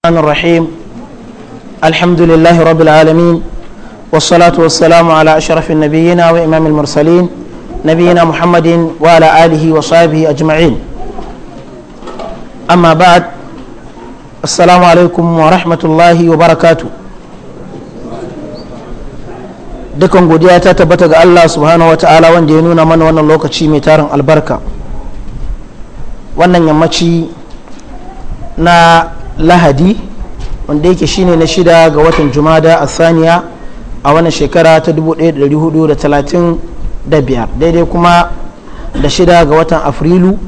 الرحمن الرحيم الحمد لله رب العالمين والصلاة والسلام على أشرف النبيين وإمام المرسلين نبينا محمد وعلى آله وصحبه أجمعين أما بعد السلام عليكم ورحمة الله وبركاته dukan godiya ta tabbata ga Allah subhanahu wa ta'ala wanda ya nuna mana wannan lokaci mai tarin albarka wannan yammaci na lahadi wanda yake shine na shida ga watan jumada a saniya a wannan shekara ta 1435 daidai kuma da shida ga watan afrilu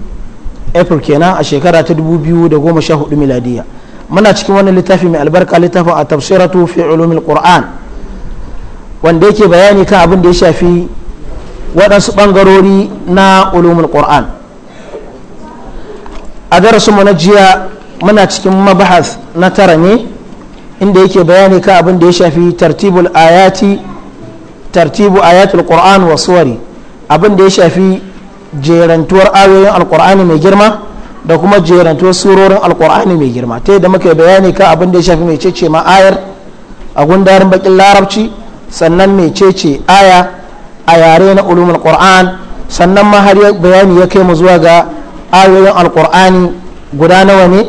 april kenan a shekara ta 2014 miladiya muna cikin wannan littafi mai albarka littafin a tafsiratu fi ulumin qur'an wanda yake bayani kan abin da ya shafi waɗansu ɓangarori na ulumin qur'an a darasinmu na jiya muna cikin mabahas na tara ne inda yake bayani ka abin da ya shafi tartibul ayati tartibu ayatul qur'an wa suwari abin da ya shafi jerantuwar ayoyin alqur'ani mai girma da kuma jerantuwar surorin alqur'ani mai girma ta yadda muka bayani ka abin da ya shafi mai cece ma ayar a gundarin bakin larabci sannan mai cece aya a yare na ulumul qur'an sannan ma har bayani ya kai mu zuwa ga ayoyin alqur'ani guda nawa ne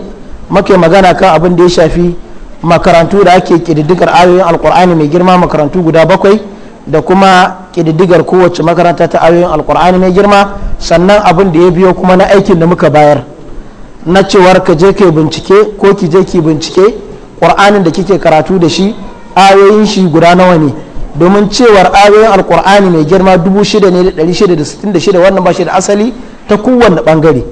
muke magana kan abin da ya shafi makarantu da ake ƙididdigar ayoyin alkur'ani mai girma makarantu guda bakwai da kuma ƙididdigar kowace makaranta ta ayoyin alkur'ani mai girma sannan abin da ya biyo kuma na aikin da muka bayar na cewar ka je kai bincike ko ki je ki bincike ƙur'anin da kike karatu da shi ayoyin shi guda nawa ne domin cewar ayoyin alkur'ani mai girma 6666 wannan ba shi da asali ta kowane bangare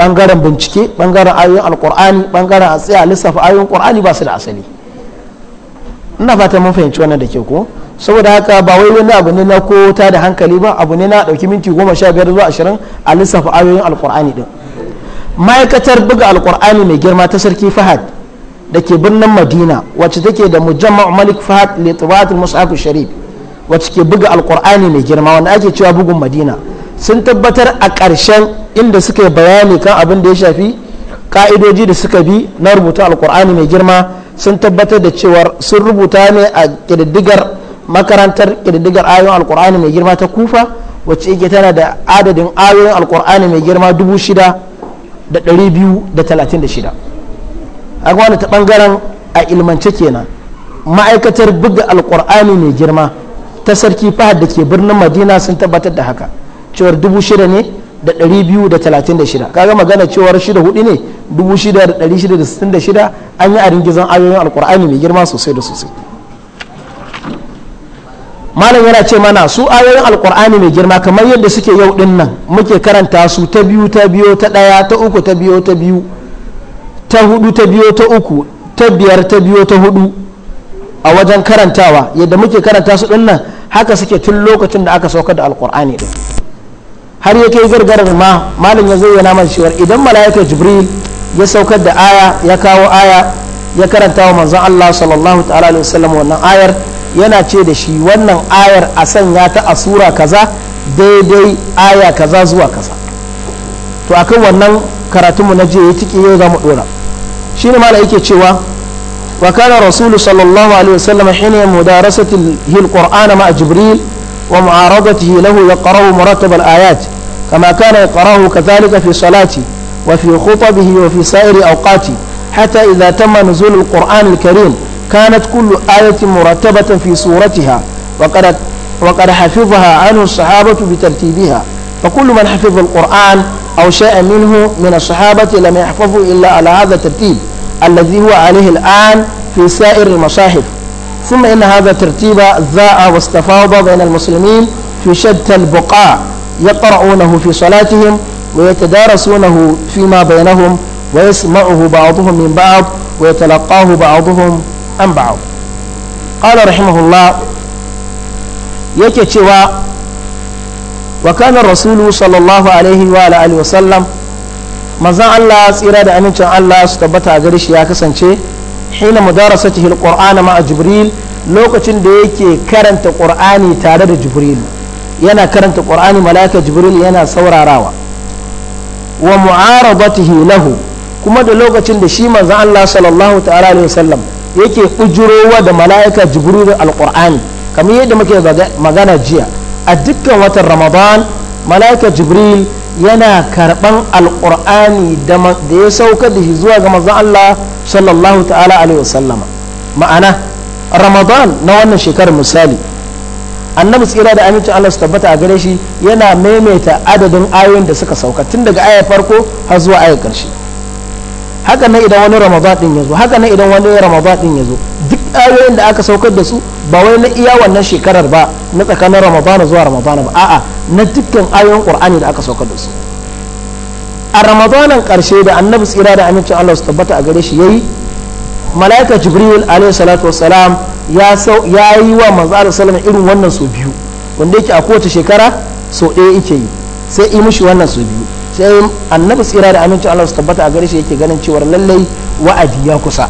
bangaren bincike bangaren ayoyin alkur'ani bangaren a lissafa ayoyin qur'ani ba su da asali ina fata mun fahimci wannan da ke ko saboda haka ba wai wani abu ne na ko ta da hankali ba abu ne na dauki minti goma sha biyar zuwa ashirin a lissafa ayoyin alkur'ani din ma'aikatar buga alkur'ani mai girma ta sarki fahad da ke birnin madina wacce take da mujamma malik fahad litibatul musafi sharif wacce ke buga alkur'ani mai girma wanda ake cewa bugun madina sun tabbatar a ƙarshen inda suka yi bayani kan abin da ya shafi ƙa'idoji da suka bi na rubuta alkur'ani mai girma sun tabbatar da cewar sun rubuta ne a ƙididdigar makarantar ƙididdigar ayoyin alkur'ani mai girma ta kufa wacce yake tana da adadin ayoyin alkur'ani mai girma dubu shida da ɗari biyu da talatin da shida a wani ta ɓangaren a ilmance kenan ma'aikatar buga alkur'ani mai girma ta sarki fahad da ke birnin madina sun tabbatar da haka cewar dubu shida ne da ɗari biyu da talatin da shida kaga magana cewar shida hudu ne dubu shida da ɗari shida da sittin da shida an yi a ringizan ayoyin alkur'ani mai girma sosai da sosai malam yana ce mana su ayoyin alkur'ani mai girma kamar yadda suke yau din nan muke karanta su ta biyu ta biyu ta ɗaya ta uku ta biyu ta biyu ta hudu ta biyu ta uku ta biyar ta biyu ta hudu a wajen karantawa yadda muke karanta su din nan haka suke tun lokacin da aka saukar da alkur'ani din har ya kai gargarar ma malam ya zayyana man cewa idan mala'ika jibril ya saukar da aya ya kawo aya ya karanta wa manzon Allah sallallahu ta'ala alaihi wasallam wannan ayar yana ce da shi wannan ayar a sanya ta a sura kaza daidai aya kaza zuwa kaza to akan wannan karatunmu na jiya ya tiki yau zamu mu dora shi ne yake cewa wa kana rasulu sallallahu alaihi wasallam hina mudarasati qur'ana ma jibril ومعارضته له يقرأ مرتب الآيات كما كان يقرأه كذلك في صلاتي وفي خطبه وفي سائر أوقاتي حتى إذا تم نزول القرآن الكريم كانت كل آية مرتبة في سورتها وقد, وقد حفظها عنه الصحابة بترتيبها فكل من حفظ القرآن أو شيء منه من الصحابة لم يحفظه إلا على هذا الترتيب الذي هو عليه الآن في سائر المصاحف ثم إن هذا ترتيب الذاء واستفاض بين المسلمين في شتى البقاع يقرؤونه في صلاتهم ويتدارسونه فيما بينهم ويسمعه بعضهم من بعض ويتلقاه بعضهم عن بعض قال رحمه الله يكتوى وكان الرسول صلى الله عليه وعلى آله وسلم manzan Allah tsira da amincin Allah su tabbata a gare shi ya kasance hina mudarasatihi alqur'ana a jibril lokacin da yake karanta qur'ani tare da jibril yana karanta qur'ani malaika jibril yana saurarawa wa mu'aradatihi lahu kuma da lokacin da shi manzon Allah sallallahu ta'ala alaihi wasallam yake bujurowa da malaika jibril alkur'ani kamar yadda muke magana jiya a dukkan watan ramadan malaika jibril yana karɓan Alƙur'ani da ya sauka da shi zuwa ga mazan Allah sallallahu ta'ala alaihi wasallama ma'ana ramadan na wannan shekarar misali annabi tsira da amincin Allah su tabbata a gare shi yana maimaita adadin ayoyin da suka sauka tun daga ayar farko har zuwa ayar karshe haka na idan wani ramadan din ya zo haka idan wani ramadan din ya zo ayoyin da aka saukar da su ba wai na iya wannan shekarar ba na tsakanin ramadana zuwa ramadana ba a'a na dukkan ayoyin qur'ani da aka saukar da su a ramadanan karshe da annabi tsira da amincin Allah su tabbata a gare shi yayi malaika jibril alaihi salatu wassalam ya ya yi wa manzo da sallama irin wannan so biyu wanda yake a kowace shekara so ɗaya yake yi sai yi mishi wannan so biyu sai annabi tsira da amincin Allah su tabbata a gare shi yake ganin cewa lallai wa'adi ya kusa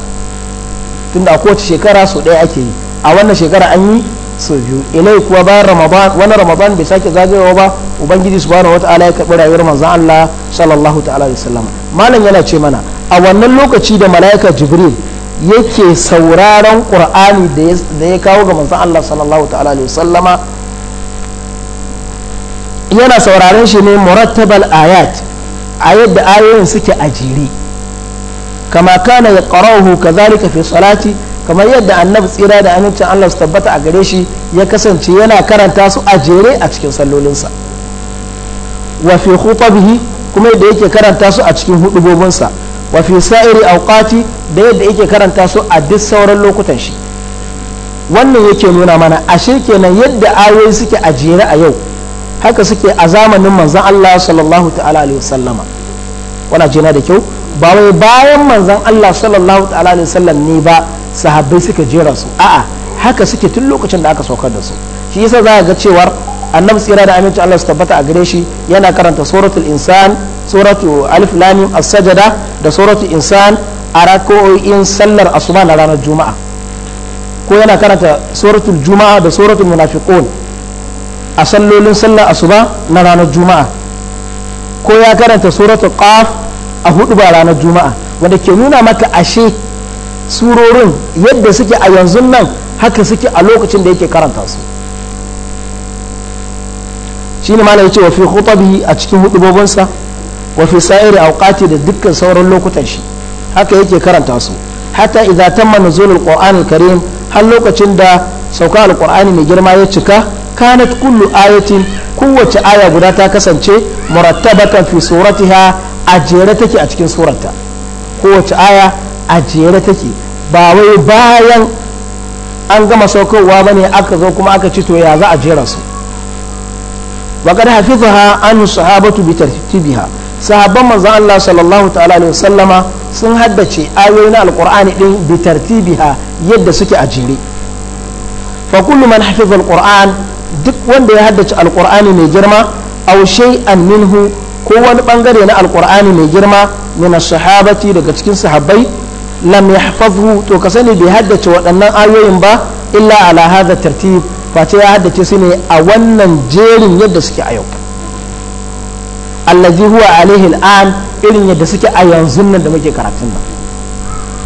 tunda a kowace shekara sau ɗaya ake yi a wannan shekara an yi sau biyu ilai kuwa bayan ramadan wani ramadan bai sake zagayowa ba ubangiji subhanahu wataala ya karɓi rayuwar manzon Allah sallallahu ta'ala alaihi wasallam malam yana ce mana a wannan lokaci da mala'ika jibril yake sauraron qur'ani da ya kawo ga manzon Allah sallallahu ta'ala alaihi wasallama yana sauraron shi ne murattabal ayat a yadda ayoyin suke Ajiri. kama kana ya ƙarahu ka zalika fi salati kamar yadda annabi tsira da amincin Allah su tabbata a gare shi ya kasance yana karanta su a jere a cikin sallolinsa wa fi khutabihi kuma yadda yake karanta su a cikin hudubobinsa wa fi sa'iri awqati da yadda yake karanta su a duk sauran lokutan shi wannan yake nuna mana ashe kenan yadda ayoyi suke a jere a yau haka suke a zamanin manzon Allah sallallahu ta'ala alaihi wasallama wannan jina da kyau ba wai bayan manzon Allah sallallahu ta'ala alaihi wasallam ne ba sahabbai suka jera su a'a haka suke tun lokacin da aka saukar da su shi yasa za ga cewar annabi tsira da aminci Allah su tabbata a gare shi yana karanta suratul insan suratu alif lam mim as-sajada da suratul insan a rako'in sallar asuba na ranar juma'a ko yana karanta suratul juma'a da suratul munafiqun a sallolin sallar asuba na ranar juma'a ko ya karanta suratul qaf a hudu ba ranar juma'a wanda ke nuna maka ashe surorin yadda suke a yanzu nan haka suke a lokacin da yake karanta su shi ne malam yace wafi khutabi a cikin hudubobinsa wa fi sa'iri awqati da dukkan sauran lokutan shi haka yake karanta su hatta idza tamma nuzulul qur'anil karim har lokacin da sauka alqur'ani mai girma ya cika kanat kullu ayatin kowace aya guda ta kasance murattabakan fi suratiha a jere take a cikin surarta kowace aya a jere take ba wai bayan an gama saukowa ba ne aka zo kuma aka ci to ya za a jera su وقد حفظها sahabatu bi بترتيبها sahabban manzon Allah sallallahu ta'ala alaihi wasallama sun haddace ayoyin na alqur'ani din bi tartibiha yadda suke a jere fa kullu man hafiza alqur'an duk wanda ya haddace alqur'ani mai girma aw shay'an minhu ko wani bangare na alkur'ani mai girma nuna sahabati daga cikin sahabbai lam yahfazhu to ka sani bai haddace waɗannan ayoyin ba illa ala hadha tartib face ya haddace su ne a wannan jerin yadda suke a yau allazi huwa alaihi al'an irin yadda suke a yanzu nan da muke karatun nan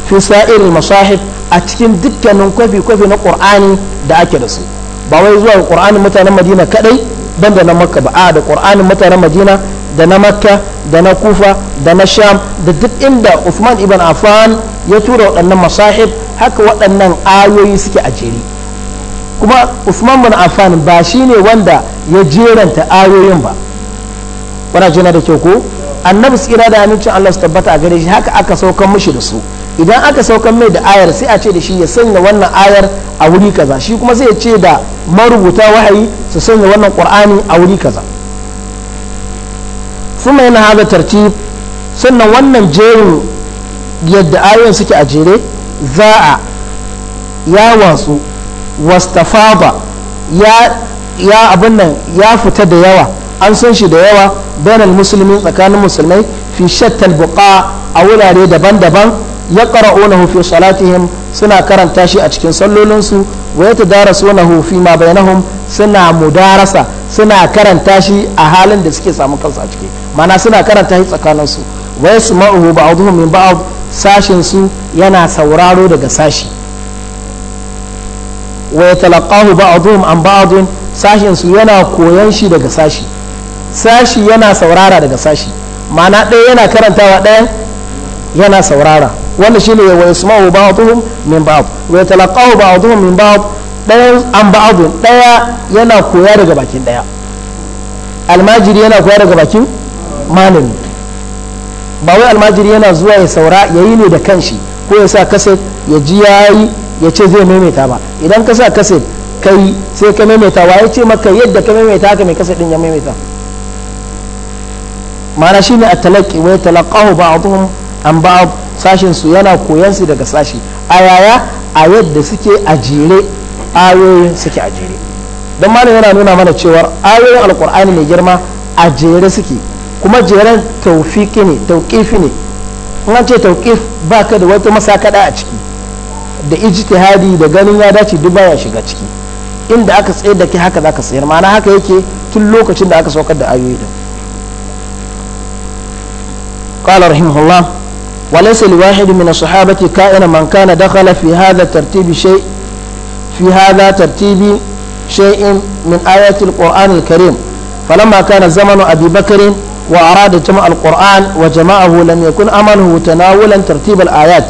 fi irin masahib a cikin dukkanin kwafi kwafi na qur'ani da ake da su ba wai zuwa qur'anin mutanen madina kadai ban da na makka ba a da qur'anin mutanen madina da na makka da na kufa da na sham da duk inda usman ibn affan ya tura waɗannan masahib haka waɗannan ayoyi suke a jere kuma usman ibn affan ba shi ne wanda ya jeranta ayoyin ba wana jina da kyau ko annabi tsira da amincin Allah su tabbata a gare shi haka aka saukan mishi da su idan aka saukan mai da ayar sai a ce da shi ya sanya wannan ayar a wuri kaza shi kuma sai ya ce da marubuta wahayi su sanya wannan qur'ani a wuri kaza kuma yana haɗa tartib sannan wannan jerin yadda ayoyin suke a jere za'a ya watsu wastafaba ya abin nan ya fita da yawa an san shi da yawa bainal musulmi tsakanin musulmai fi shattal buqa a wurare daban-daban yaqra'unahu fi salatihim suna karanta shi a cikin sallolinsu wa yatadarasunahu fi ma bainahum suna mudarasa suna karanta shi a halin da suke samu kansu a ciki mana suna karanta shi tsakanin su wa yasma'uhu ba'dhum min ba'd sashin su yana sauraro daga sashi wa yatalaqahu ba'dhum an ba'd sashin su yana koyan shi daga sashi sashi yana saurara daga sashi mana ɗaya yana karantawa ɗaya yana saurara wannan ne wa yasma'u ba'dhum min ba'd wa yatalaqahu ba'dhum min ba'd ɗayan an ba'dhum ɗaya yana koya daga bakin ɗaya almajiri yana koya daga bakin malami ba wai almajiri yana zuwa ya saura yayi ne da kanshi ko ya sa kaset ya ji yayi ya ce zai maimaita ba idan ka sa kaset kai sai ka maimaita wa ya ce maka yadda ka maimaita haka mai kaset din ya maimaita ma'ana shine at-talaqi wa yatalaqahu ba'dhum an ba'd sashen su yana koyansu daga sashi a yaya a yadda suke a jere ayoyin suke a jere don mana yana nuna mana cewa ayoyin alkur'ani mai girma a jere suke kuma jeren taufiki ne tauƙifi ne in ce tauƙif ba ka da wata masakaɗa a ciki da ijtihadi da ganin ya dace duk baya shiga ciki inda aka tsayar da ke haka za ka tsayar ma'ana haka yake tun lokacin da aka saukar da ayoyi din وليس الواحد من الصحابة كائن من كان دخل في هذا الترتيب شيء في هذا ترتيب شيء من آيات القرآن الكريم فلما كان زمن أبي بكر وأراد جمع القرآن وجمعه لم يكن أمله تناولا ترتيب الآيات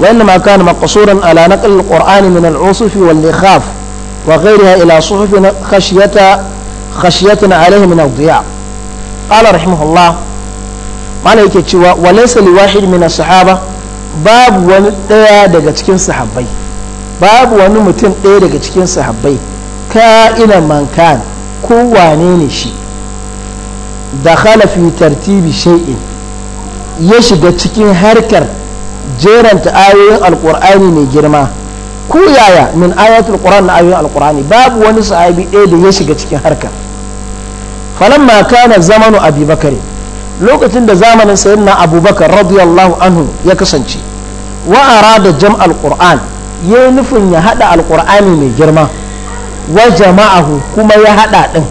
وإنما كان مقصورا على نقل القرآن من العصف واللخاف وغيرها إلى صحف خشية خشية عليه من الضياع قال رحمه الله mala yake cewa walaysa liwahid min sahaba babu wani daya daga cikin sahabbai babu wani mutum daya daga cikin sahabbai ka ina man ko wane ne shi da fi tartibi shay'in ya shiga cikin harkar jeranta ayoyin alqur'ani mai girma ko yaya min ayatul qur'an na ayoyin alqur'ani babu wani sahabi ɗaya da ya shiga cikin harkar falamma kana zamanu abubakar lokacin da zamanin na abubakar radiyallahu anhu ya kasance wa arada jam'al qur'an ya nufin ya hada alqur'ani mai girma wa jama'ahu kuma ya hada din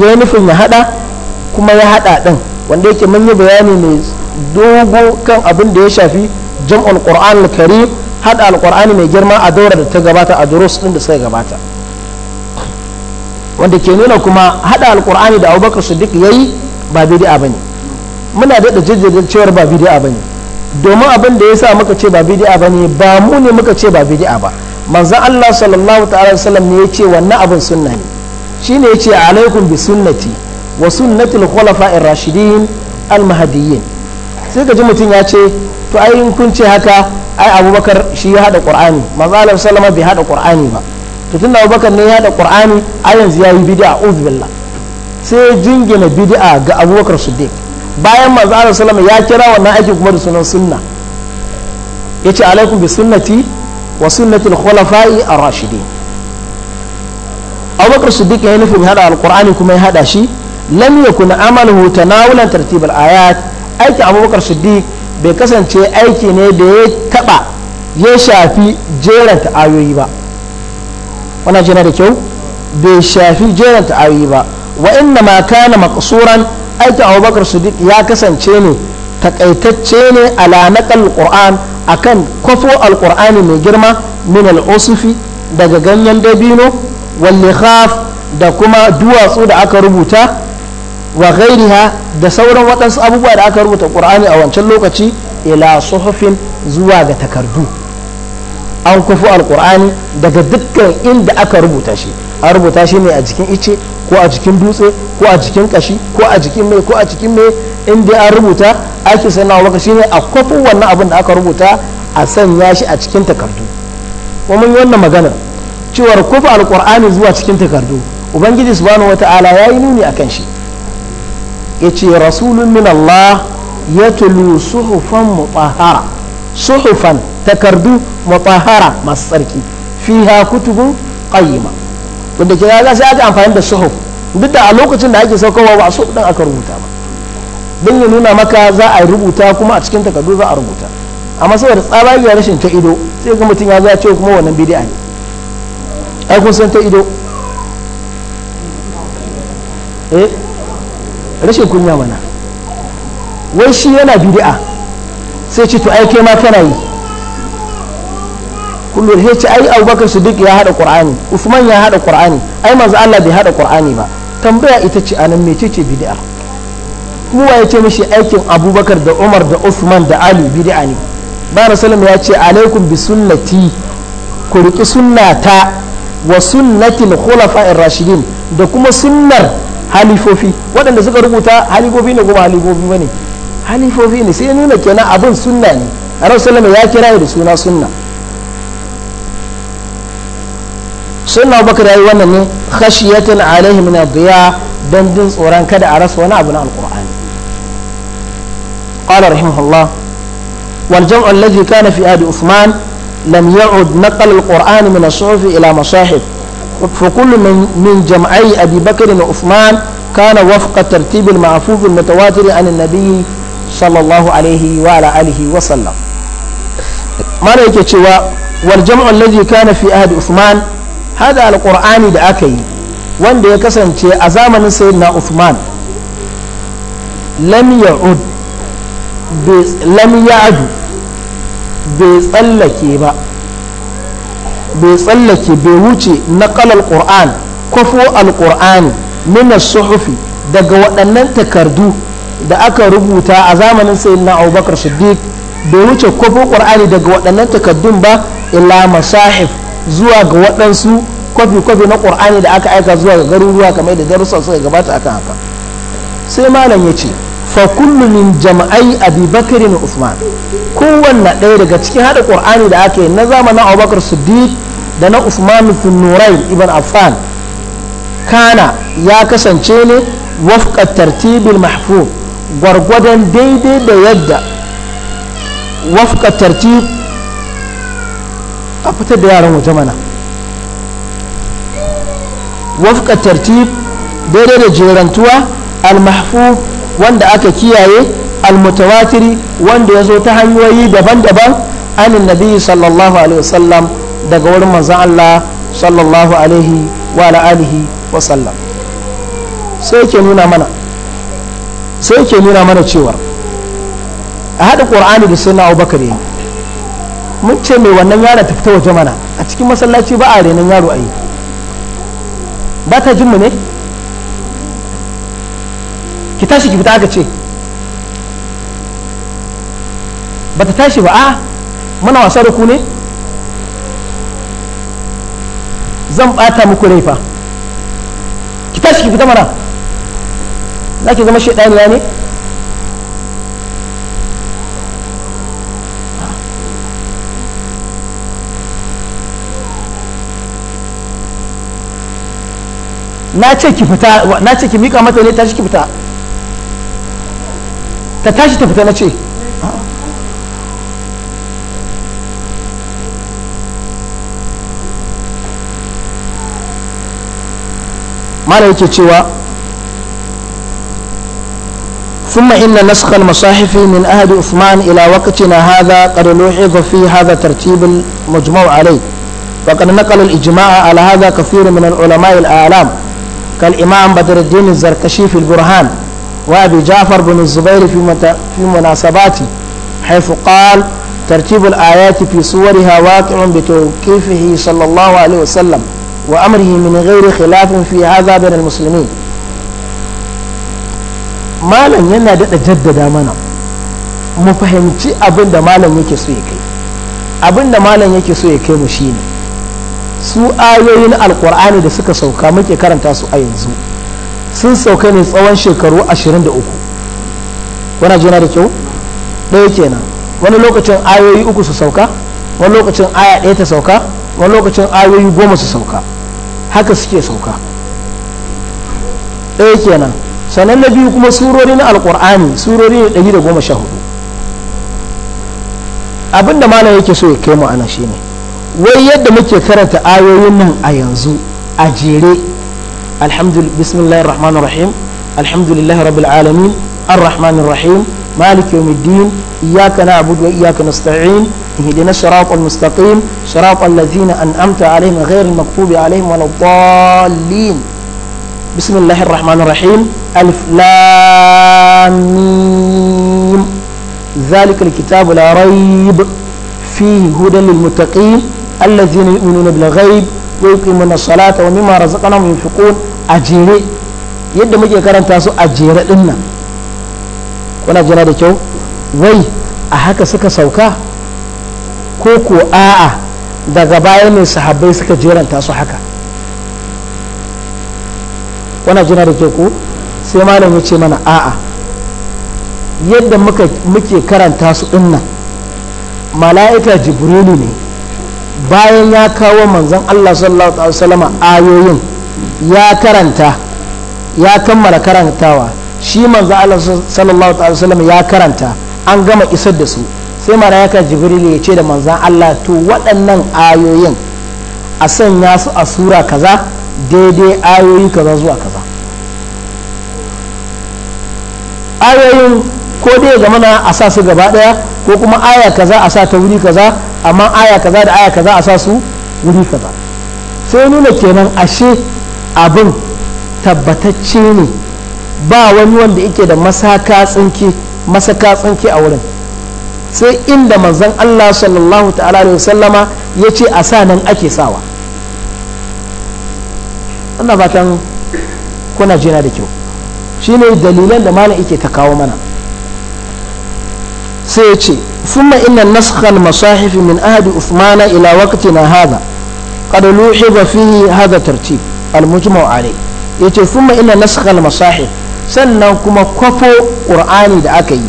ya nufin ya hada kuma ya hada din wanda yake mun yi bayani mai dogo kan abin da ya shafi jam'ul qur'an al-karim hada alqur'ani mai girma a daura da ta gabata a durus din da suka gabata wanda ke nuna kuma hada alqur'ani da Abubakar Siddiq yayi ba bid'a bane muna daɗa jirgin cewar ba bid'a bane domin abin da ya sa muka ce ba bid'a bane ba mu ne muka ce ba bid'a ba manzon Allah sallallahu ta'ala wasallam ne ya ce wannan abin sunna ne shine ya ce alaikum bi sunnati wa sunnatul khulafa'ir rashidin al mahdiyyin sai ka ji mutum ya ce to ai in kun ce haka ai abubakar shi ya hada qur'ani manzo Allah sallama bai hada qur'ani ba to tunda abubakar ne ya hada qur'ani a yanzu ya yi bid'a uzbillah sai jingina bid'a ga abubakar siddiq bayan manzo Allah salama ya kira wannan aiki kuma da sunan sunna yace alaikum bi sunnati wa sunnati al-khulafa'i ar-rashidin abubakar siddiq ya nufin hada al'kurani kuma ya hada shi lam yakun amaluhu tanawulan tartib al-ayat aiki abubakar siddiq bai kasance aiki ne da ya taba ya shafi jeranta ayoyi ba wannan jina da kyau bai shafi ta ayoyi ba wa inna ma kana maqsuran aikin abubakar siddiq ya kasance ne takaitacce ne ala naqal qur'an akan kwafo alqur'ani mai girma min al'usufi daga ganyen dabino wal da kuma duwatsu da aka rubuta wa ghairiha da sauran waɗansu abubuwa da aka rubuta qur'ani a wancan lokaci ila suhufin zuwa ga takardu an kufu alqur'ani daga dukkan inda aka rubuta shi an rubuta shi ne a jikin ice ko a cikin dutse ko a cikin kashi ko a cikin mai ko a cikin mai in an rubuta ake sanawa maka shine a kofin wannan abin da aka rubuta a sanya shi a cikin takardu kuma mun yi wannan magana cewar kofa alkur'ani zuwa cikin takardu ubangiji subhanahu wata'ala ya yi nuni akan shi ya ce rasulun min allah ya tulu suhufan mutahara suhufan takardu mutahara masu tsarki fiha kutubun qayyima wanda ke za sai yi amfani da suhuf duk da a lokacin da ake saukowa ba su dan aka rubuta ba don ya nuna maka za a rubuta kuma a cikin takardu za a rubuta amma saboda tsabagiya rashin ta ido sai ga mutum ya zo ya ce kuma wannan bidiyo ne ai kun san ta ido eh rashin kunya mana wai shi yana bidiyo sai ce to ai kai ma kana yi kullum ya ce ai abubakar siddiq ya haɗa Kur'ani, usman ya haɗa Kur'ani, ai manzo Allah bai hada Kur'ani ba tambaya ita ce anan mecece bid'a kuma ya ce mishi aikin abubakar da umar da usman da ali bid'a ne Ba bayan salam ya ce alaikum bi sunnati ku riki sunnata wa sunnatil khulafa'ir rashidin da kuma sunnar halifofi waɗanda suka rubuta halifofi ne kuma halifofi bane halifofi ne sai nuna kenan abin sunna ne a ya kira da suna sunna sai na bakar yayi wannan ne khashiyatan alaihi min adiya dan din tsoron kada a rasa wani abu na alqur'ani qala rahimahullah wal jam'u alladhi kana fi adi usman lam ya'ud naqal alqur'ani min as-suhuf ila masahif fa kullu min min jam'i abi bakr usman kana wafqa tartib al-ma'fuz al-mutawatir an an-nabiy sallallahu alaihi wa ala alihi wa sallam mana cewa wal jam'u alladhi kana fi adi usman hada alkur'ani da aka yi wanda ya kasance a zamanin sayyidina Uthman lam ya'ud bai tsallake ba bai wuce naqalal qur'an kafo alqur'ani nuna suhufi daga waɗannan takardu da aka rubuta a zamanin sayyidina Abubakar Siddiq bai wuce kafo qur'ani daga waɗannan takardun ba ila masahif zuwa ga waɗansu kwafi-kwafi na ƙur'ani da aka aika zuwa ga garuruwa kamar da darussa suka gabata akan haka sai malam ya ce fa kullu jama'ai abi bakari na usman kowanne ɗaya daga cikin haɗa ƙur'ani da aka yi na zamanin abubakar siddiq da na usman finnurai nurai ibn affan kana ya kasance ne wafqa tartibil mahfuz gwargwadon daidai da yadda wafqa tartib fitar da yaran waje mana wafka tartib daidai da jerantuwa almahfu wanda aka kiyaye almutawatiri wanda ya zo ta hanyoyi daban-daban anin nabi sallallahu alaihi wasallam daga wurin manzon Allah sallallahu alaihi wa alihi wa sallam sai ke nuna mana sai ke nuna mana cewa a haɗa ƙur'ani da sunna abubakar yayi mun ce mai wannan yara ta fita waje mana a cikin masallaci ba a renon yaro a yi ba ta jin mu ne ki tashi ki fita aka ce ba ta tashi ba a mana wasa da ku ne zan bata muku laifa ki tashi ki fita mana za ki zama shaidaniya ne na ce ki fita na ce ki mika mata ne tashi ki fita ta tashi ta fita na ce mara yake cewa ثم إن نسخ المصاحف من أهد عثمان إلى وقتنا هذا قد لوحظ في هذا ترتيب المجموع عليه وقد نقل الإجماع على هذا كثير من العلماء الأعلام كالإمام بدر الدين الزركشي في البرهان وأبي جعفر بن الزبير في, في مناسباته حيث قال ترتيب الآيات في صورها واقع بتوقيفه صلى الله عليه وسلم وأمره من غير خلاف في هذا بين المسلمين ما لن daɗa جدد mana مفهمتي أبن دمالا da malam أبن دمالا ya kai مشيني su ayoyin alkur'ani da suka sauka muke karanta su a yanzu sun sauka ne tsawon shekaru 23 wana jina da kyau ɗaya kenan wani lokacin ayoyi uku su sauka wani lokacin aya ɗaya ta sauka wani lokacin ayoyi goma su sauka haka suke sauka ɗaya kenan sannan na biyu kuma surori na alkur'ani surori ne ɗari da goma sha hudu abinda malam yake so ya kai mu ana shine ne wai yadda muke karanta ayoyin nan a yanzu a jere alhamdulillah bismillahir rahmanir rahim alhamdulillahi rabbil alamin arrahmanir rahim مالك يوم الدين إياك نعبد وإياك نستعين اهدنا الصراط المستقيم صراط الذين أنعمت عليهم غير المغضوب عليهم ولا الضالين بسم الله الرحمن الرحيم ألف لام ذلك الكتاب لا ريب فيه هدى للمتقين allazina yu'minuna bil ghaib wa yuqimuna salata wa mimma razaqnahum yunfiqun a jere yadda muke karanta su a jere din nan kuna jira da kyau wai a haka suka sauka ko ko a'a daga baya ne sahabbai suka jeranta su haka kuna jira da kyau ko sai malam ya ce mana a'a yadda muke karanta su din nan mala'ika jibrilu ne bayan ya kawo manzon Allah sallallahu alaihi wasallam ayoyin ya karanta ya kammala karantawa shi manzon Allah sallallahu alaihi wasallam ya karanta an gama isar da su sai malaika jibril ya ce da manzon Allah to waɗannan ayoyin a sanya su a sura kaza daidai ayoyi kaza zuwa kaza ayoyin ko dai ya na a sa su gaba daya ko kuma aya kaza a sa ta wuri kaza amma aya kaza da aya kaza a sa su wuri kaza sai nuna kenan ashe abin tabbatacce ne ba wani wanda yake da masaka tsinke masaka tsinke a wurin sai inda manzon Allah sallallahu ta'ala alaihi wasallama ya ce a sa nan ake sawa ana fatan kuna jina da kyau shine dalilan da malam yake ta kawo mana sai ya ce thumma inna nasakha al-masahif min ahadi usmana ila waqtina na qad luhiba fihi hadha tartib al-mujma' alayh yace thumma inna nasakha masahif sannan kuma kwafo qur'ani da aka yi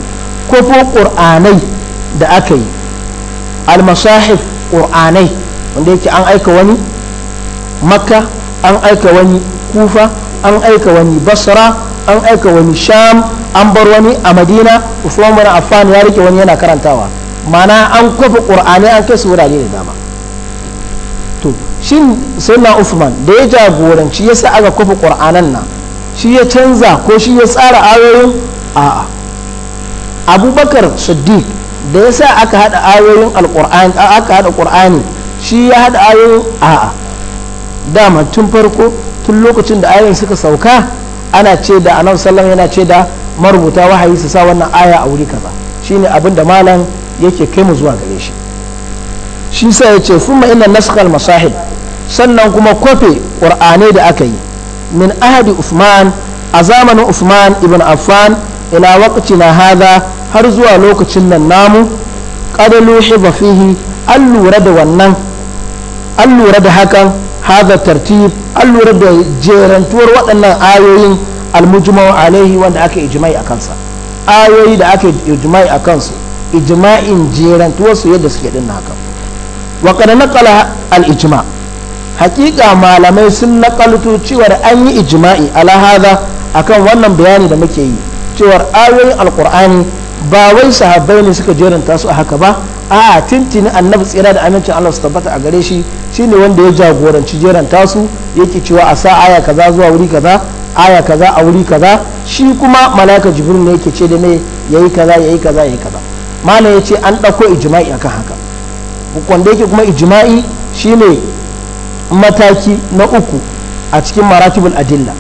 kwafo qur'anai da aka yi al-masahif qur'anai wanda yake an aika wani makka an aika wani kufa an aika wani basra an aika wani sham an bar wani a madina usman bin affan ya rike wani yana karantawa mana an kwafi qur'ani an kai su wurare da dama to shin sayyidina usman da ya jagoranci yasa aka kwafi qur'anan nan shi ya canza ko shi ya tsara ayoyin a'a abubakar siddiq da ya sa aka haɗa ayoyin alƙur'ani aka haɗa qur'ani shi ya haɗa ayoyin a'a dama tun farko tun lokacin da ayoyin suka sauka ana ce da anan sallama yana ce da marubuta wahayi su sa wannan aya a wuri kaza shine abin da malam yake kai mu zuwa gare shi shi sa ya ce summa inna nasakal masahib sannan kuma kofe ƙur'ani da aka yi min ahadi usman a zamanin usman ibn affan ila na hada har zuwa lokacin nan namu qad luhiba fihi an wannan an lura da hakan hada tartib allura lura da jerantuwar waɗannan ayoyin almujimawa alaihi wanda aka jima'i a kansa ayoyi da aka ijma'i a kansu ijima'in jerantuwar su yadda suke din haka waƙada naƙala al'ijima haƙiƙa malamai sun naƙalto cewar an yi ijima'i ala a akan wannan bayani da muke yi cewar ayoyin alƙur'ani ba wai sahabbai ne suka jeranta su a haka ba a tintini annabi tsira da amincin Allah su tabbata a gare shi shine wanda ya jagoranci jeran tasu yake cewa a sa aya kaza zuwa wuri kaza aya kaza a wuri kaza shi kuma malaka jibril ne yake ce da ne yayi kaza yayi kaza yayi kaza malam ya ce an ɗauko ijma'i akan haka wanda yake kuma ijma'i shine mataki na uku a cikin maratibul adilla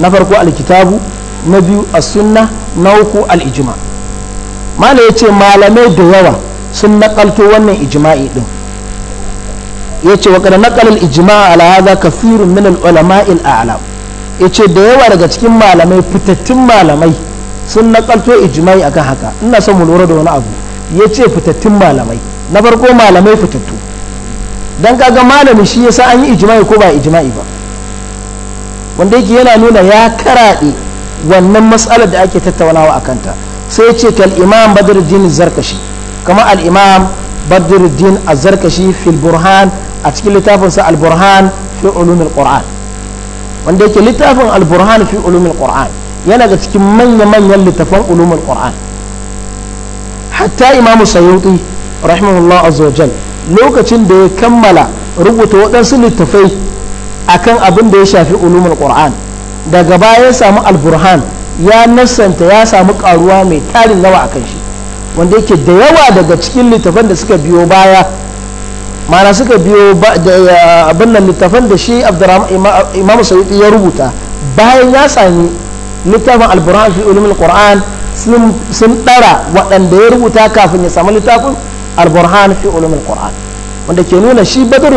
na farko alkitabu na biyu as-sunna na uku al-ijma' malam ya ce malamai da yawa sun naƙalto wannan ijma'i din ya ce waƙar naƙalar ijma'a ala haza kafirun min ulama'il a'lam ya ce da yawa daga cikin malamai fitattun malamai sun naƙalto ijma'i akan haka ina son mu lura da wani abu ya ce fitattun malamai na farko malamai fitattu Dan kaga malami shi yasa an yi ijma'i ko ba ijma'i ba wanda yake yana nuna ya karaɗe wannan matsalar da ake tattaunawa a kanta sai ce kal imam jini zarkashi kama al-imam badruddin az-zarkashi fil a cikin littafinsa alburhan burhan fi ulumul qur'an wanda yake littafin alburhan burhan fi ulumul qur'an yana ga cikin manya manyan littafan ulumul qur'an hatta imam sayyuti rahimahullah azza lokacin da ya kammala rubuta waɗansu littafai akan abin da ya shafi ulumul qur'an daga baya ya samu alburhan ya nasanta ya samu ƙaruwa mai tarin nawa kan shi wanda yake da yawa daga cikin littafan da suka biyo baya mana suka biyo abin nan littafan da shi imam sayyidi ya rubuta bayan ya sami littafin alburan fi ulumin qur'an sun ɗara waɗanda ya rubuta kafin ya samu littafin alburhan fi ulumin qur'an wanda ke nuna shi badar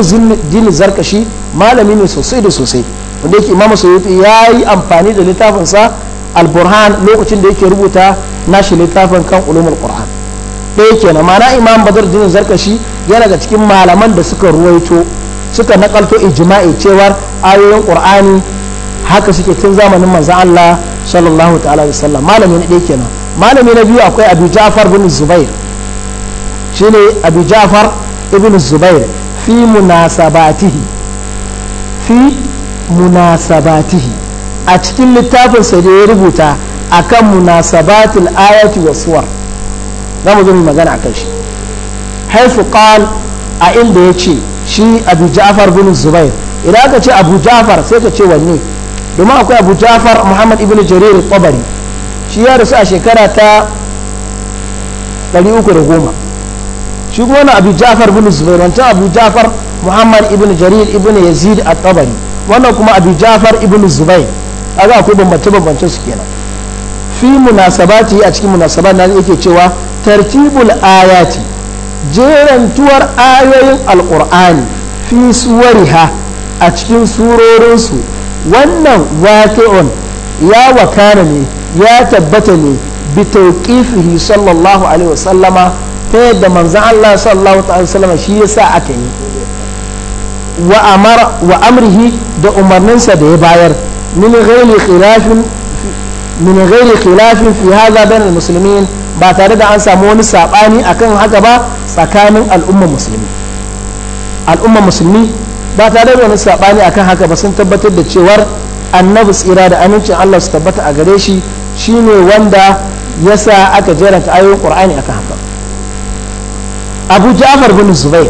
dini shi malami ne sosai da sosai wanda yake imam sayyidi ya yi amfani da littafinsa alburhan lokacin da yake rubuta nashi littafin kan ulumul qur'an ɗaya kenan mana imam badar jinin zarkashi yana ga cikin malaman da suka ruwaito suka nakalto ijma'i cewar ayoyin qur'ani haka suke tun zamanin manzo Allah sallallahu ta'ala alaihi wasallam malami na ɗaya kenan malami na biyu akwai abu ja'far bin zubair shine abu ja'far ibn zubair fi munasabatihi fi munasabatihi a cikin littafin sa da ya rubuta a kan munasabatul ayati wa suwar za mu zo mu magana akan shi haifu qal a inda ya ce shi abu ja'far bin zubair idan aka ce abu ja'far sai ka ce wanne domin akwai abu ja'far muhammad ibn jarir tabari shi ya rasu a shekara ta 310 shi kuma wani abu ja'far bin zubair wancan abu ja'far muhammad ibn jarir ibn yazid at-tabari wannan kuma abu ja'far ibn zubair kaga akwai bambance bambance su kenan fi munasabati a cikin munasaba na yake cewa tartibul ayati jerantuwar ayoyin alkur'ani fi suwariha a cikin surorinsu wannan waqi'un ya wakana ne ya tabbata ne bi tawqifihi sallallahu alaihi wasallama ta yadda manzon Allah sallallahu alaihi wasallama shi yasa aka yi wa amara wa amrihi da umarninsa da ya bayar min ghairi khilafin min ghairi khilafin fi hadha bain almuslimin ba tare da an samu wani sabani akan haka ba tsakanin al'umma musulmi al'ummar musulmi ba tare da wani sabani akan haka ba sun tabbatar da cewar annabi tsira da amincin Allah su tabbata a gare shi shine wanda yasa aka ta ayoyin qur'ani akan haka abu ja'far bin zubair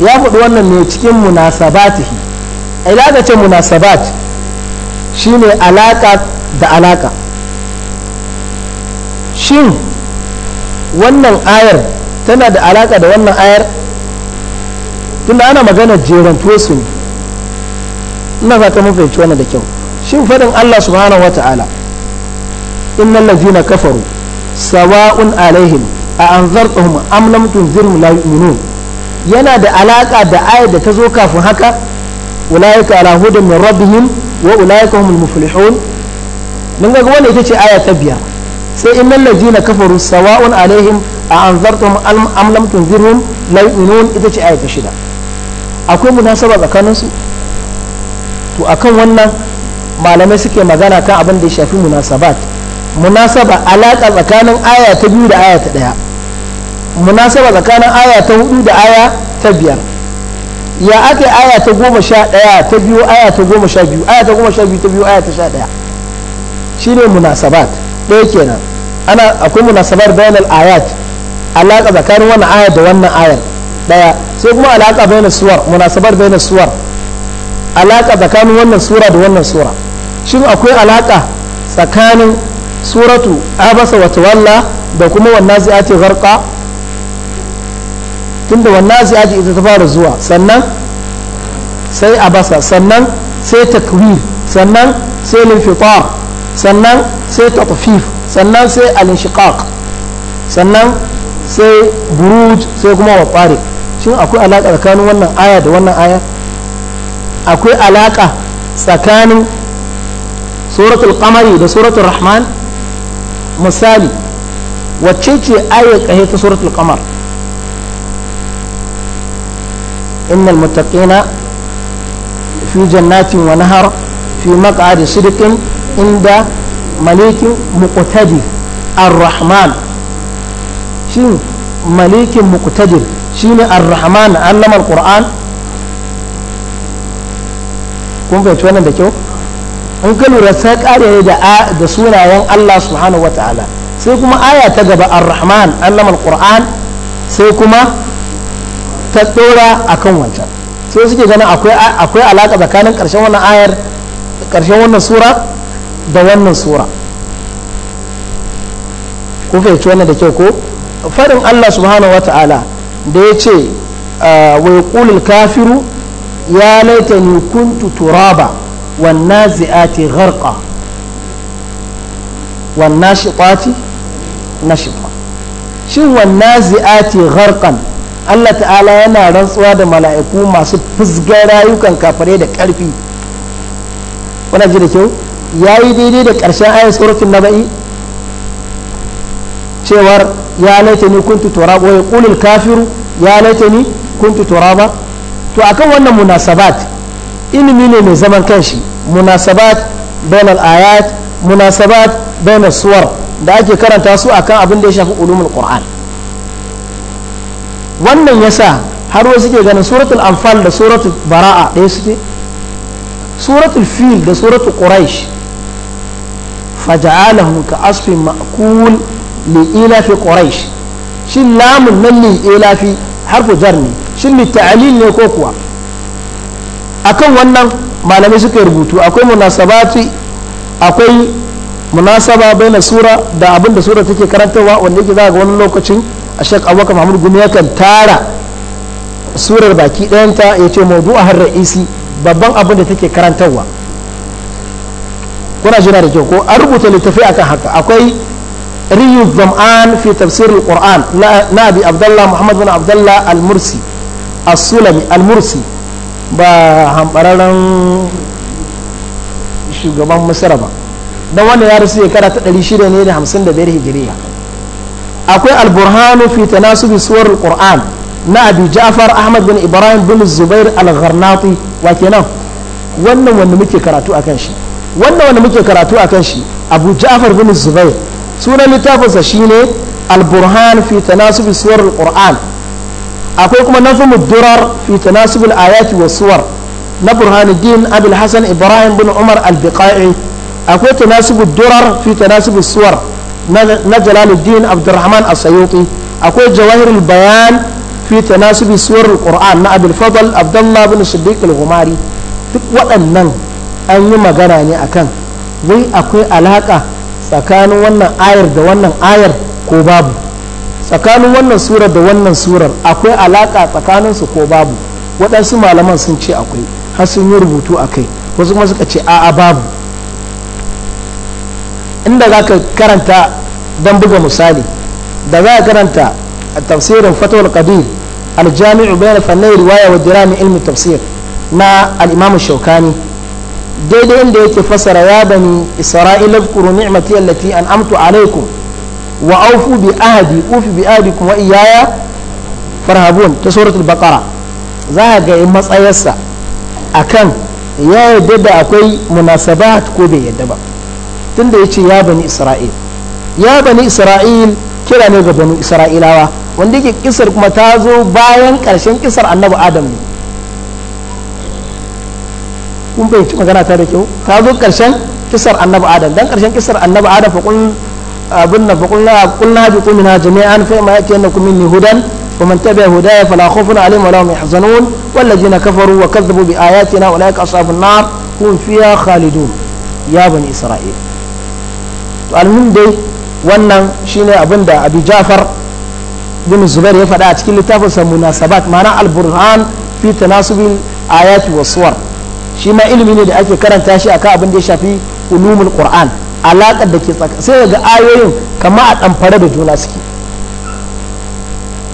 ya faɗi wannan ne cikin munasabatihi ila da ce munasabat shine alaka da alaka shin wannan ayar tana da alaka da wannan ayar tunda ana magana jerantuwa su ne ina fata ta fahimci wani da kyau shin faɗin Allah subhanahu wata'ala innal ladzina kafaru sawa'un alaihim a an am lam zirin la yana da alaƙa da ayar da ta zo kafin haka wulaika ala hudan min rabbihim wa ulaika humul muflihun mun ga wannan ita ce aya ta biyar sai in innal ladzina kafaru sawa'un alaihim a an am lam tunzirhum la yu'minun ita ce ayata shida akwai munasaba tsakanin su to akan wannan malamai suke magana kan abin da ya shafi munasabat munasaba alaƙa tsakanin aya ta biyu da aya ta ɗaya munasaba tsakanin aya ta hudu da aya ta biyar ya ake aya ta goma sha ɗaya ta biyu aya ta goma sha biyu aya ta goma sha biyu ta biyu aya ta sha ɗaya shine munasabat ɗaya kenan ana akwai munasabar bayan ayat alaƙa tsakanin wannan ayar da wannan ayar ɗaya sai kuma alaƙa bayan suwar munasabar bayan suwar alaƙa tsakanin wannan sura da wannan sura shin akwai alaƙa tsakanin suratu abasa wa tawalla da kuma wannan zai gharqa tunda wannan zai ita ta fara zuwa sannan sai abasa sannan sai takwir sannan sai linfitar sannan sai tatfif sannan sai al sannan sai buruj sai kuma wa shin akwai alaƙa tsakanin wannan aya da wannan aya akwai alaƙa tsakanin suratul qamari da suratul rahman misali wacce ce ayar kahe ta suratul qamar innal muttaqina fi jannatin wa nahar fi maq'adi sidqin inda malikin muqtadir ar-rahman shin malikin muqtadir shine ar-rahman allama al-qur'an kun fahimci wannan da kyau in ka lura sai kare da da sunayen Allah subhanahu wataala sai kuma aya ta gaba ar-rahman allama al-qur'an sai kuma ta dora akan wancan sai suke ganin akwai akwai alaka tsakanin karshen wannan ayar karshen wannan sura da wannan sura ku fahimci wannan da kyau ko farin Allah subhanahu wata'ala da ya ce ah, wai kulul kafiru ya laitani kuntu turaba wan nazi'ati gharqa wan nashiqati nashiqa shin wan nazi'ati gharqan Allah ta'ala yana rantsuwa da mala'iku masu fisgar rayukan kafare da ƙarfi wannan ji da kyau ya yi daidai da ƙarshen ayin tsoratin na ba'i cewar ya laita ni kuntu turaba ya kulil kafiru ya laita ni kuntu turaba to akan wannan munasabat ilimi ne mai zaman kanshi munasabat bain al-ayat munasabat bain suwar da ake karanta su akan abin da ya shafi ulumul qur'an wannan yasa har wasu ke ganin suratul anfal da suratul bara'a ɗaya suke suratul fil da suratul quraish faja'alahum ka asfin ma'kul li ilafi quraish shin lamun nan li ilafi harfu jar ne shin li ta'lil ne ko kuwa akan wannan malamai suka rubutu akwai munasabati akwai munasaba baina sura da abinda da sura take karantarwa wanda yake za ga wani lokacin a shek abubakar mahmud gumi yakan tara surar baki ɗayanta ya ce har ra'isi babban abin da take karantarwa kuna jira da kyau ko an rubuta littafi akan haka akwai riyu zam'an fi tafsir al-qur'an na abi abdullah muhammad bin abdullah al-mursi as-sulami al-mursi ba hambararren shugaban misra ba don wannan ya rasu shekara ta 655 hijiriya akwai al-burhanu fi tanasubi suwar al-qur'an na abi ja'far ahmad bin ibrahim bin zubair al-gharnati wa kenan wannan wanda muke karatu akan shi wannan wanda muke karatu a kan shi abu ja'far bin zubair sunan littafinsa shine al-burhan fi tanasub suwar al-qur'an akwai kuma nafmu durar fi tanasub al-ayati wa suwar na burhanuddin abul hasan ibrahim bin umar al-biqai akwai tanasub durar fi tanasub suwar na jalaluddin abdurrahman as-sayuti akwai jawahir al-bayan fi tanasub suwar al-qur'an na abul fadl abdullah bin siddiq al-ghumari duk waɗannan an yi magana ne a kan wai akwai alaƙa tsakanin wannan ayar da wannan ayar ko babu tsakanin wannan surar da wannan surar akwai alaƙa tsakanin su ko babu waɗansu malaman sun ce akwai har sun yi rubutu a kai wasu kuma suka ce a'a babu inda za ka karanta don buga misali da za ka karanta a tafsirin fatawar qadir aljami'u bayan fannin riwaya wa dirami ilmi tafsir na al'imamin shaukani daidai inda yake fasara ya bani isra'ila zkuru ni'mati allati an'amtu alaikum wa aufu bi ahadi ufi bi ahadi kuma iyaya farhabun ta suratul baqara za a ga matsayarsa akan ya yadda da akwai munasabat ko bai yadda ba tunda yace ya bani isra'il ya bani isra'il kira ne ga bani isra'ilawa wanda yake kisar kuma ta zo bayan karshen kisar annabi adam ne kun fahimci magana ta da kyau ta zo karshen kisar annabi adam dan karshen kisar annabi adam fa kun abin nan fa kun la kun la bitu na jami'an fa ma yatiyannakum minni hudan wa man tabi'a hudaya fala khawfun alaihim wa la hum yahzanun wal ladina kafaru wa kadzabu bi ayatina ulaika ashabun nar hum fiha khalidun ya bani isra'il to almin dai wannan shine abin da abi jafar bin zubair ya faɗa a cikin littafin sa munasabat ma'ana al-burhan fi tanasubil ayati was suwar shi ma ilimi ne da ake karanta shi akan abin da ya shafi ulumul qur'an alaƙar da ke tsaka sai ga ayoyin kama a ɗamfare da juna suke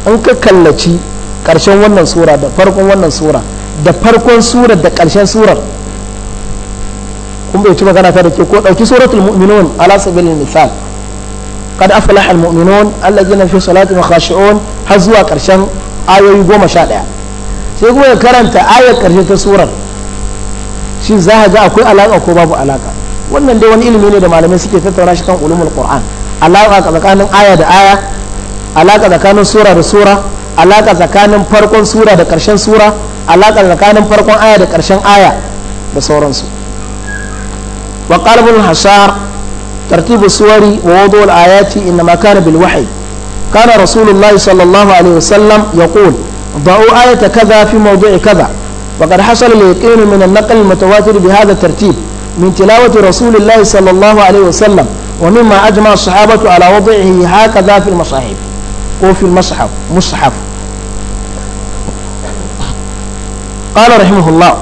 in ka kallaci ƙarshen wannan sura da farkon wannan sura da farkon sura da ƙarshen surar kun bai ci magana ta da ke ko ɗauki suratul mu'minun ala sabilil misal qad aflaha al mu'minun allazina fi salatihim khashi'un har zuwa ƙarshen ayoyi goma sha ɗaya sai kuma ya karanta ayar ƙarshe ta surar shin za a ga akwai alaka ko babu alaka wannan dai wani ilimi ne da malamai suke tattauna shi kan ulumul qur'an alaƙa tsakanin aya da aya alaƙa tsakanin sura da sura alaƙa tsakanin farkon sura da ƙarshen sura alaƙa tsakanin farkon aya da karshen aya da sauransu wa qalbul hasar tartibu suwari wa wudu al ayati inma kana bil wahyi kana rasulullahi sallallahu alaihi wasallam yaqul da'u ayata kaza fi mawdu'i kaza وقد حصل اليقين من النقل المتواتر بهذا الترتيب من تلاوة رسول الله صلى الله عليه وسلم ومما أجمع الصحابة على وضعه هكذا في المصاحف وفي المصحف مصحف قال رحمه الله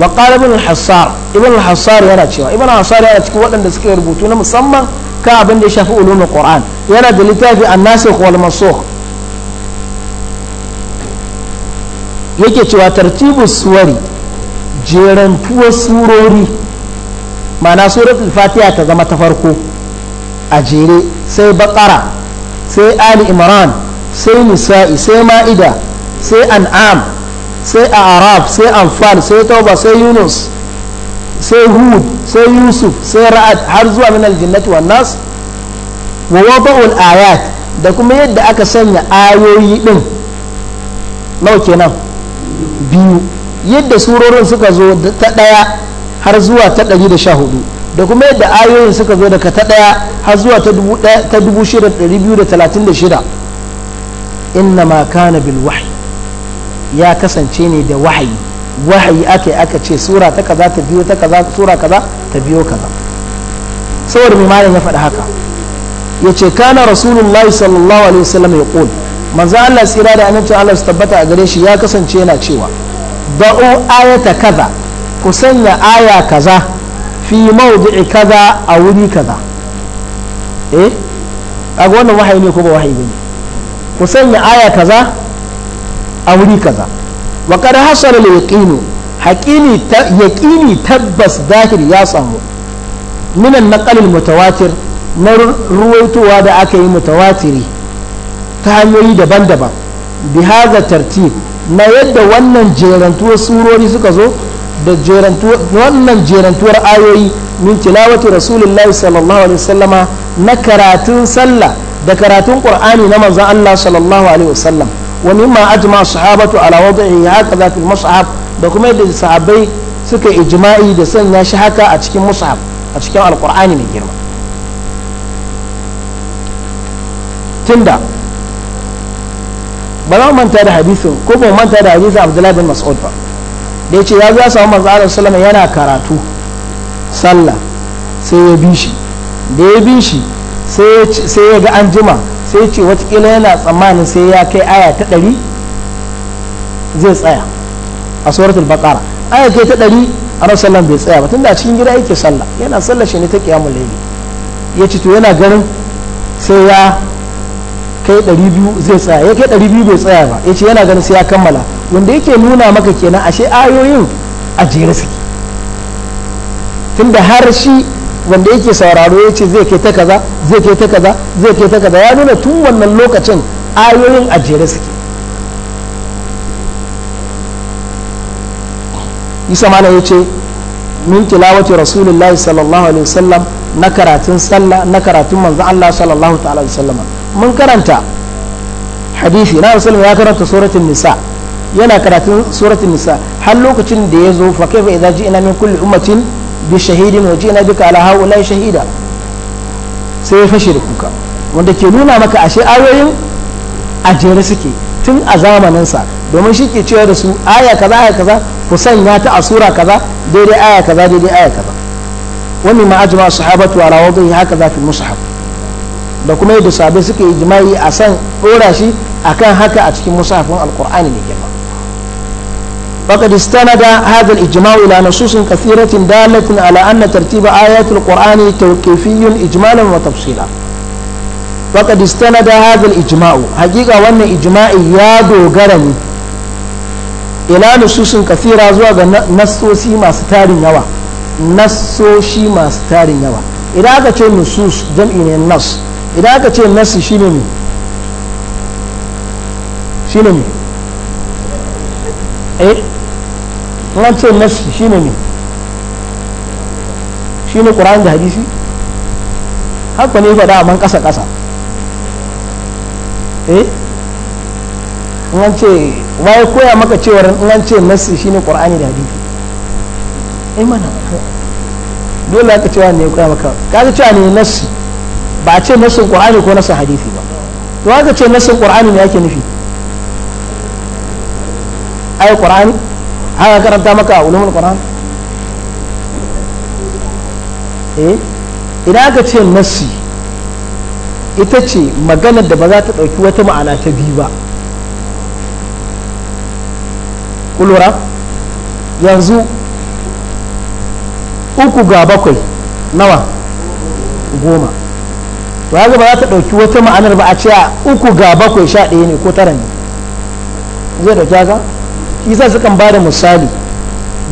وقال ابن الحصار ابن الحصار يا cewa ابن الحصار يا yana وقال waɗanda suka rubutu na musamman ka abin da ya يا ulumul qur'an yana da yake cewa tartibu suwari jerantuwar surori mana suratul fatiha ta zama ta farko a jere sai bakara sai ali imran sai nisa'i sai ma'ida sai an'am sai arab sai anfal sai tauba sai yunus sai hud sai yusuf sai ra'ad har zuwa min aljannati wan nas wa wada'ul ayat da kuma yadda aka sanya ayoyi din nau kenan biyu yadda surorin suka zo ta ɗaya har zuwa ta ɗari da sha hudu da kuma yadda ayoyin suka zo daga ta ɗaya har zuwa ta dubu shida ɗari biyu da talatin da shida inna ma kana bil wahayi ya kasance ne da wahayi wahayi aka aka ce sura ta kaza ta biyo ta kaza sura kaza ta biyo kaza saboda mai malam ya faɗi haka ya ce kana rasulullahi sallallahu alaihi wasallam ya ƙoli manzo Allah tsira da aminci Allah su tabbata a gare shi ya kasance yana cewa da'u ayata kaza ku sanya aya kaza fi mawdi'i kaza a wuri kaza eh kaga wannan wahayi ne ko ba wahayi ne ku sanya aya kaza a wuri kaza wa qad hasala al-yaqinu haqini yaqini tabbas zahiri ya samu minan naqal al-mutawatir na ruwaitowa da aka yi mutawatiri ta hanyoyi daban-daban bi haza tartib na yadda wannan jerantuwar surori suka zo da wannan jerantuwar ayoyi min tilawati rasulullahi sallallahu alaihi wasallama na karatun sallah da karatun qur'ani na manzon Allah sallallahu alaihi wasallam wa mimma ajma sahabatu ala wad'ihi hakaza fil mus'haf da kuma yadda sahabbai suka ijma'i da sanya shi haka a cikin mus'haf a cikin alqur'ani mai girma tunda ba za mu manta da hadisin ko ba mu manta da hadisin abdullahi bin mas'ud ba da ya ce ya zo ya samu manzo Allah yana karatu sallah sai ya bi shi da ya bi shi sai ya ga an jima sai ya ce watakila yana tsammanin sai ya kai aya ta ɗari zai tsaya a suratul baqara aya kai ta ɗari a sallan bai tsaya ba tunda a cikin gida yake sallah yana sallah shi ne ta qiyamul layli ya ce to yana ganin sai ya kai 200 zai tsaya ya kai 200 bai tsaya ba ya ce yana ganin sai ya kammala wanda yake nuna maka kenan ashe ayoyin a jere suke tunda har shi wanda yake sauraro ya ce zai kai ta kaza zai kai ta kaza zai kai ta kaza ya nuna tun wannan lokacin ayoyin a jere suke isa mana ya ce min tilawati rasulullahi sallallahu alaihi wasallam na karatun sallah na karatun manzo Allah sallallahu ta'ala alaihi wasallam mun karanta hadisi na rasulun ya karanta suratul nisa yana karatun suratul nisa har lokacin da ya zo fa kaifa idza ji'na min kulli ummatin bi shahidin wa ji'na bika ala haula shahida sai ya fashe da kuka wanda ke nuna maka ashe ayoyin a jere suke tun a zamanin sa domin shi ke cewa da su aya kaza aya kaza ku sanya ta a sura kaza daidai aya kaza daidai aya kaza wa mimma ajma sahabatu ala haka hakaza fi mushaf Da kuma yadda Sabuwar suka yi jima'i a san ɓorashi akan haka a cikin musafin Alƙur'ani ne ke ba. Waƙarista na da haɗin ijima'u ilanunsu sun kasirra tun daɗin al'a'in na tartibar ayyatar ƙur'ani ta ke filin ijimalin wata tuffera. Waƙarista na da haɗin ijima'u haƙiƙa wannan ijima'u ya dogara mu. Ilanunsu sun kasira zuwa ga nasoshi masu tarin yawa. idan aka ce min su jam'iyyan nas. idan aka ce nasi shine ne shine ne eh an ce nasi shine ne shine qur'ani da hadisi haka ne faɗa man ƙasa ƙasa eh an ce waye koya maka cewar an ce nasi shine qur'ani da hadisi eh mana dole aka cewa ne ya koya maka kaga cewa ne nasi ba a ce nassin qur'ani ko nassin hadisi ba to haka ce nassin qur'ani ne yake nufi ai qur'ani haka karanta maka ulumul qur'an eh idan aka ce nassi ita ce maganar da ba za ta ɗauki wata ma'ana ta biyu ba kulura yanzu uku ga bakwai nawa goma to ya ba za ta ɗauki wata ma'anar ba a ce a uku ga bakwai sha ɗaya ne ko tara ne zai ɗauki haka isa su kan da misali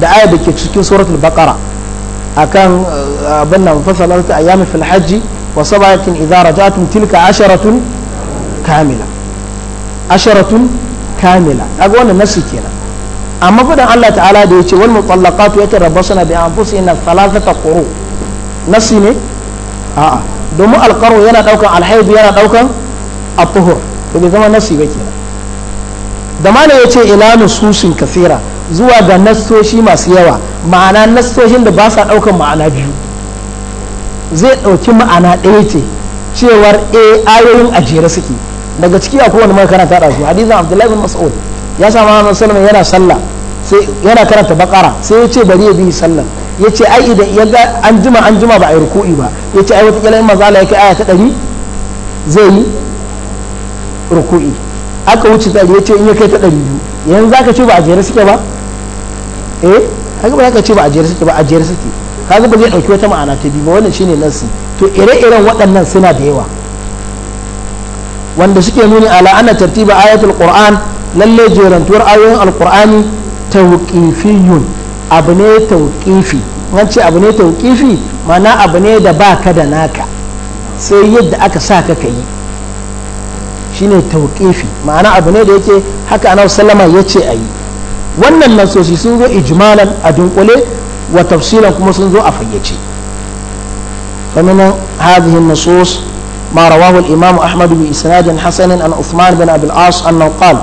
da ayar da ke cikin suratul baqara akan eh, abin nan fasalatu ayyami fil hajji wa sabatin idza raja'tum tilka asharatun kamila asharatun kamila kaga wannan nasu kenan amma fadan Allah ta'ala da yace wal mutallaqatu yatarabbasuna bi anfusihinna thalathata quru nasi ne a'a domin alkaro yana daukan alhaibu yana daukan at to bai zama nasi ba kenan da ya ce ila nususin kasira zuwa ga nastoshi masu yawa ma'ana nastoshin da ba sa daukan ma'ana biyu zai dauki ma'ana ɗaya ce cewar eh, a ayoyin ajere suke daga ciki a kowane makaranta da su hadizan abdullahi bin mas'ud ya sa ma'ana sallama yana sallah karanta bakara sai ya ce bari ya bi sallah ya ce ai idan ya ga an jima an jima ba a yi ruku'i ba ya ce ai watakila in mazala ya kai aya ta ɗari zai yi ruku'i aka wuce ɗari ya ce in ya kai ta ɗari biyu yanzu za ka ce ba a jere suke ba eh haka ba za ka ce ba a jere suke ba a jere suke kaga ba zai ɗauki wata ma'ana ta biyu ba wannan shine nasi to ire-iren waɗannan suna da yawa wanda suke nuni ala ana tartiba ayatul qur'an lalle jerantuwar ayoyin alqur'ani tawqifiyun abu ne tauƙifi wance abu ne tauƙifi mana abu ne da ba ka da naka sai yadda aka sa ka ka yi shine tauƙifi ma'ana abu ne da yake haka ana sallama ya ce a yi wannan nasoshi sun zo ijmalan a dunkule wa tafsilan kuma sun zo a fayyace فمن هذه النصوص ما رواه الإمام أحمد بإسناد حسن عن عثمان بن أبي العاص أنه قال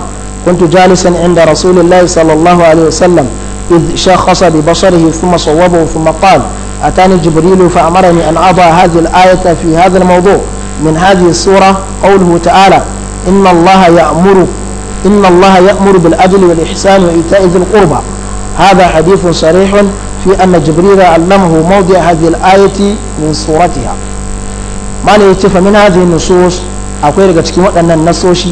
كنت جالسا عند رسول الله صلى الله عليه وسلم إذ شخص ببصره ثم صوبه ثم قال أتاني جبريل فأمرني أن أضع هذه الآية في هذا الموضوع من هذه السورة قوله تعالى إن الله يأمر إن الله يأمر بالعدل والإحسان وإيتاء ذي القربى هذا حديث صريح في أن جبريل علمه موضع هذه الآية من سورتها ما يتفى من هذه النصوص أقول لك أن النصوص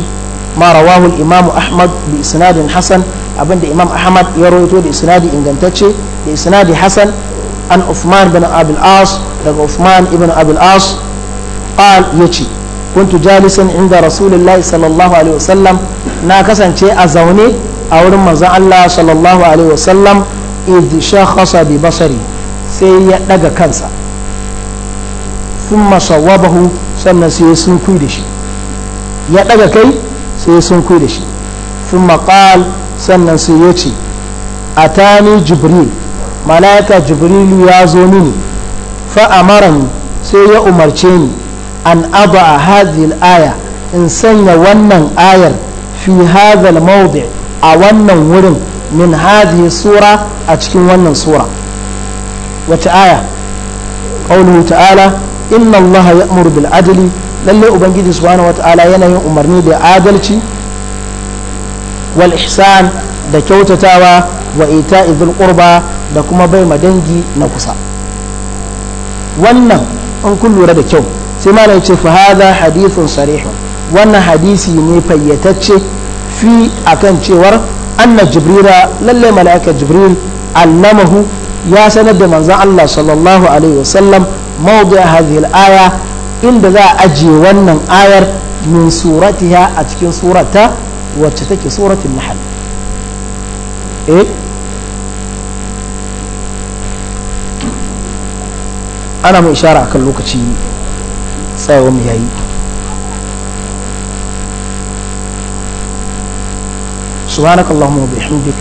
ما رواه الإمام أحمد بإسناد حسن abinda imam ahmad ya rawaito da isnadi ingantacce da isnadi hasan an uthman bin abul as daga uthman ibn abul as qal yace kuntu jalisan inda rasulullahi sallallahu alaihi wasallam na kasance a zaune a wurin manzo Allah sallallahu alaihi wasallam idh shakhasa bi basari sai ya daga kansa thumma sawabahu sannan sai ya sunkuyi da shi ya daga kai sai ya sunkuyi da shi thumma qal sannan sai ya ce a tani jibril mala'ika jibrilu ya zo mini fa'amarani sai ya umarce ni an abu a hazil aya in sanya wannan ayar fi hadal mawdi a wannan wurin min hadhihi sura a cikin wannan sura wata aya qawluhu ta'ala inna allaha ya'muru bil adli lallai ubangiji subhanahu wa ta'ala yana yin umarni da adalci wal ihsan da kyautatawa wa ita idul qurba da kuma bai ma dangi na kusa wannan in kun lura da kyau sai malam ya ce fa hadha hadithun sarihun wannan hadisi ne fayyatacce fi akan cewar anna jibrila lalle mala'ika jibril allamahu ya sanar da manzon Allah sallallahu alaihi wasallam mawdi'a aya inda za a ajiye wannan ayar min suratiha a cikin surata wacce take suratul nahl eh ana mu ishara akan lokaci tsawon yayi سبحانك اللهم وبحمدك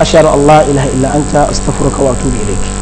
أشهد أن لا إله إلا أنت أستغفرك وأتوب إليك